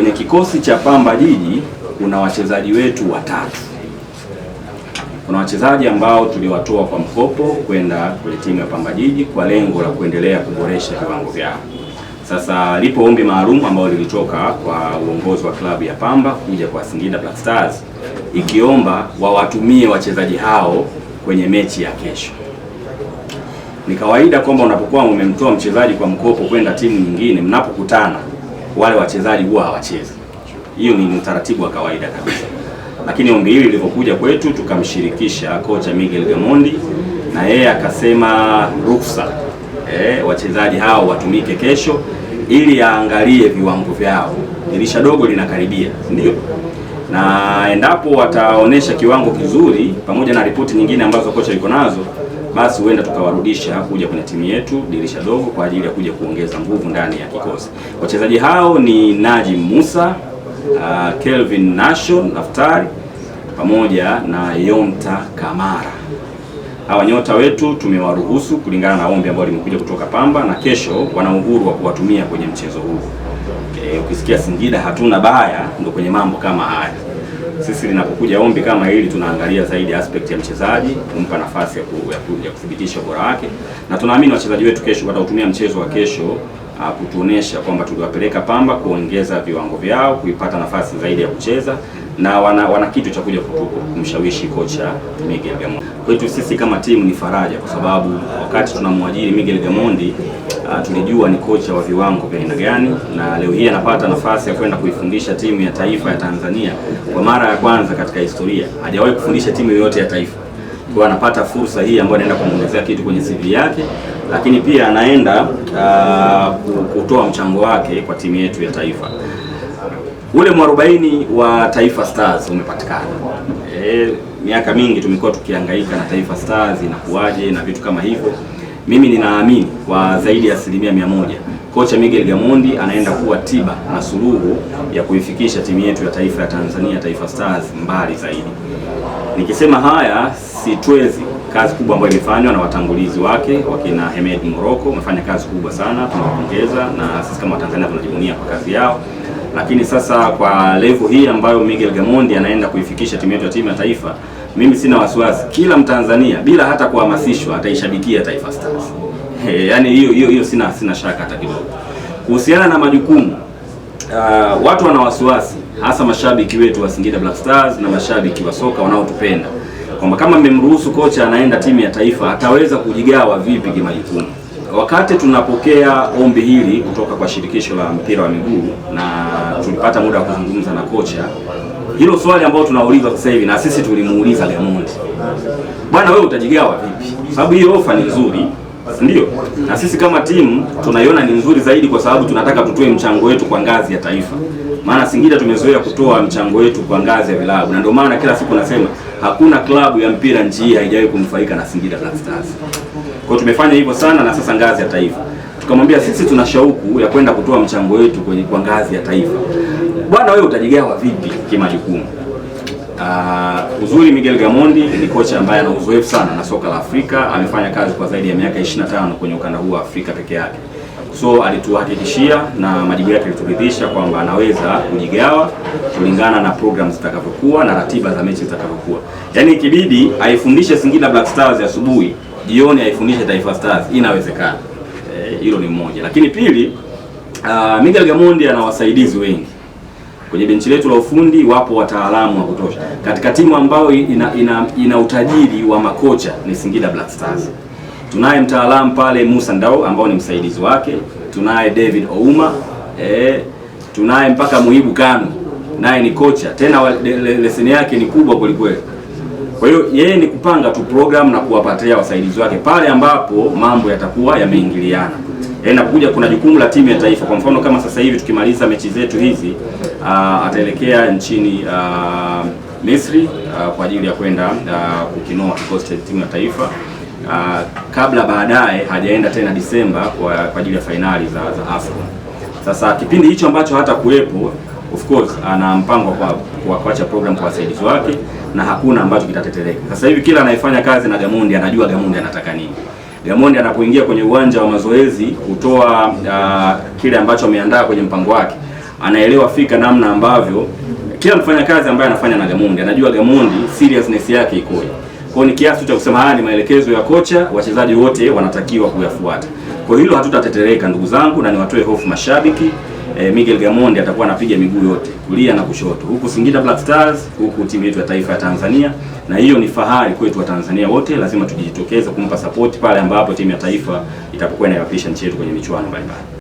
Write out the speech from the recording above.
Kwenye kikosi cha Pamba Jiji kuna wachezaji wetu watatu. Kuna wachezaji ambao tuliwatoa kwa mkopo kwenda kwenye timu ya Pamba Jiji kwa lengo la kuendelea kuboresha viwango vyao. Sasa lipo ombi maalum ambalo lilitoka kwa uongozi wa klabu ya Pamba kuja kwa Singida Black Stars ikiomba wawatumie wachezaji hao kwenye mechi ya kesho. Ni kawaida kwamba unapokuwa umemtoa mchezaji kwa mkopo kwenda timu nyingine, mnapokutana wale wachezaji huwa hawachezi. Hiyo ni utaratibu wa kawaida kabisa, lakini ombi hili lilivyokuja kwetu, tukamshirikisha kocha Miguel Gamondi na yeye akasema ruksa eh, wachezaji hao watumike kesho ili aangalie viwango vyao. Dirisha dogo linakaribia, ndio na endapo wataonesha kiwango kizuri pamoja na ripoti nyingine ambazo kocha yuko nazo basi huenda tukawarudisha kuja kwenye timu yetu dirisha dogo kwa ajili ya kuja kuongeza nguvu ndani ya kikosi. Wachezaji hao ni Najim Musa, uh, Kelvin Nashon Naftari pamoja na Yonta Kamara. Hawa nyota wetu tumewaruhusu kulingana na ombi ambalo limekuja kutoka Pamba, na kesho wana uhuru wa kuwatumia kwenye mchezo huu. E, ukisikia Singida hatuna baya, ndo kwenye mambo kama haya sisi linapokuja ombi kama hili tunaangalia zaidi aspect ya mchezaji kumpa nafasi ya, ku, ya, ku, ya kuthibitisha ubora wake, na tunaamini wachezaji wetu kesho watautumia mchezo wa kesho uh, kutuonesha kwamba tuliwapeleka Pamba kuongeza viwango vyao, kuipata nafasi zaidi ya kucheza na wana, wana kitu cha kuja kumshawishi kocha Miguel Gamondi. Kwetu sisi kama timu ni faraja, kwa sababu wakati tunamwajiri Miguel Gamondi uh, tulijua ni kocha wa viwango vya aina gani, na leo hii anapata nafasi ya kwenda kuifundisha timu ya taifa ya Tanzania kwa mara ya kwanza katika historia. Hajawahi kufundisha timu yoyote ya taifa, kwa anapata fursa hii ambayo anaenda kumuongezea kitu kwenye CV yake, lakini pia anaenda uh, kutoa mchango wake kwa timu yetu ya taifa. Ule mwarobaini wa Taifa Stars umepatikana. E, miaka mingi tumekuwa tukihangaika na Taifa Stars inakuwaje na vitu kama hivyo. Mimi ninaamini kwa zaidi ya asilimia mia moja kocha Miguel Gamondi anaenda kuwa tiba na suluhu ya kuifikisha timu yetu ya taifa ya Tanzania Taifa Stars mbali zaidi. Nikisema haya sitwezi kazi kubwa ambayo imefanywa na watangulizi wake wakina Hemed Morocco, wamefanya kazi kubwa sana, tunawapongeza na sisi kama Watanzania tunajivunia kwa kazi yao. Lakini sasa kwa level hii ambayo Miguel Gamondi anaenda kuifikisha timu yetu ya timu ya taifa mimi sina wasiwasi, kila Mtanzania bila hata kuhamasishwa ataishabikia Taifa Stars. Hey, yani hiyo hiyo hiyo sina sina shaka hata kidogo. Kuhusiana na majukumu uh, watu wana wasiwasi, hasa mashabiki wetu wa Singida Black Stars na mashabiki wa soka wanaotupenda kwamba kama mmemruhusu kocha anaenda timu ya taifa ataweza kujigawa vipi kimajukumu. Wakati tunapokea ombi hili kutoka kwa shirikisho la mpira wa miguu, na tulipata muda wa kuzungumza na kocha hilo swali ambalo tunauliza sasa hivi na sisi tulimuuliza Gamondi, bwana wewe utajigawa vipi? Kwa sababu hiyo ofa ni nzuri, ndio na sisi kama timu tunaiona ni nzuri zaidi, kwa sababu tunataka tutoe mchango wetu kwa ngazi ya taifa, maana Singida tumezoea kutoa mchango wetu kwa ngazi ya vilabu, na ndio maana kila siku nasema hakuna klabu ya mpira nchi hii haijawahi kumfaika na Singida Black Stars. Kwa tumefanya hivyo sana, na sasa ngazi ya taifa tukamwambia sisi tuna shauku ya kwenda kutoa mchango wetu kwenye kwa ngazi ya taifa bwana, wewe utajigawa vipi kimajukumu? Uh, uzuri Miguel Gamondi ni kocha ambaye ana uzoefu sana na soka la Afrika, amefanya kazi kwa zaidi ya miaka 25 kwenye ukanda huu wa Afrika peke yake. So alituhakikishia na majibu yake alituridhisha kwamba anaweza kujigawa kulingana na programs zitakavyokuwa na ratiba za mechi zitakavyokuwa. Yaani ikibidi aifundishe Singida Black Stars asubuhi, jioni aifundishe Taifa Stars, inawezekana. Eh, hilo e, ni moja. Lakini pili, uh, Miguel Gamondi ana wasaidizi wengi Kwenye benchi letu la ufundi wapo wataalamu wa kutosha. Katika timu ambayo ina, ina, ina utajiri wa makocha ni Singida Black Stars. Tunaye mtaalamu pale Musa Ndao ambao ni msaidizi wake, tunaye David Ouma eh, tunaye mpaka muhibu kano naye ni kocha tena, leseni yake ni kubwa kwelikweli. Kwa hiyo yeye ni kupanga tu program na kuwapatia wasaidizi wake pale ambapo mambo yatakuwa yameingiliana e, eh, na kuja kuna jukumu la timu ya taifa. Kwa mfano kama sasa hivi tukimaliza mechi zetu hizi uh, ataelekea nchini uh, Misri uh, kwa ajili ya kwenda uh, kukinoa kikosi cha timu ya taifa uh, kabla baadaye hajaenda tena Disemba kwa, kwa ajili ya fainali za, za Afcon. Sasa kipindi hicho ambacho hata kuwepo of course ana mpango kwa kuacha program kwa wasaidizi wake na hakuna ambacho kitateteleka Sasa hivi kila anayefanya kazi na Gamondi anajua Gamondi anataka nini. Gamondi anapoingia kwenye uwanja wa mazoezi kutoa uh, kile ambacho ameandaa kwenye mpango wake, anaelewa fika namna ambavyo kila mfanyakazi ambaye anafanya na Gamondi anajua Gamondi seriousness yake ikoje. Kwa ni kiasi cha kusema haya ni maelekezo ya kocha, wachezaji wote wanatakiwa kuyafuata. Kwa hilo hatutatetereka ndugu zangu, na niwatoe hofu mashabiki eh, Miguel Gamondi atakuwa anapiga miguu yote kulia na kushoto, huku Singida Black Stars, huku timu yetu ya taifa ya Tanzania, na hiyo ni fahari kwetu wa Tanzania wote. Lazima tujitokeze kumpa support pale ambapo timu ya taifa itapokuwa inawakilisha nchi yetu kwenye michuano mbalimbali.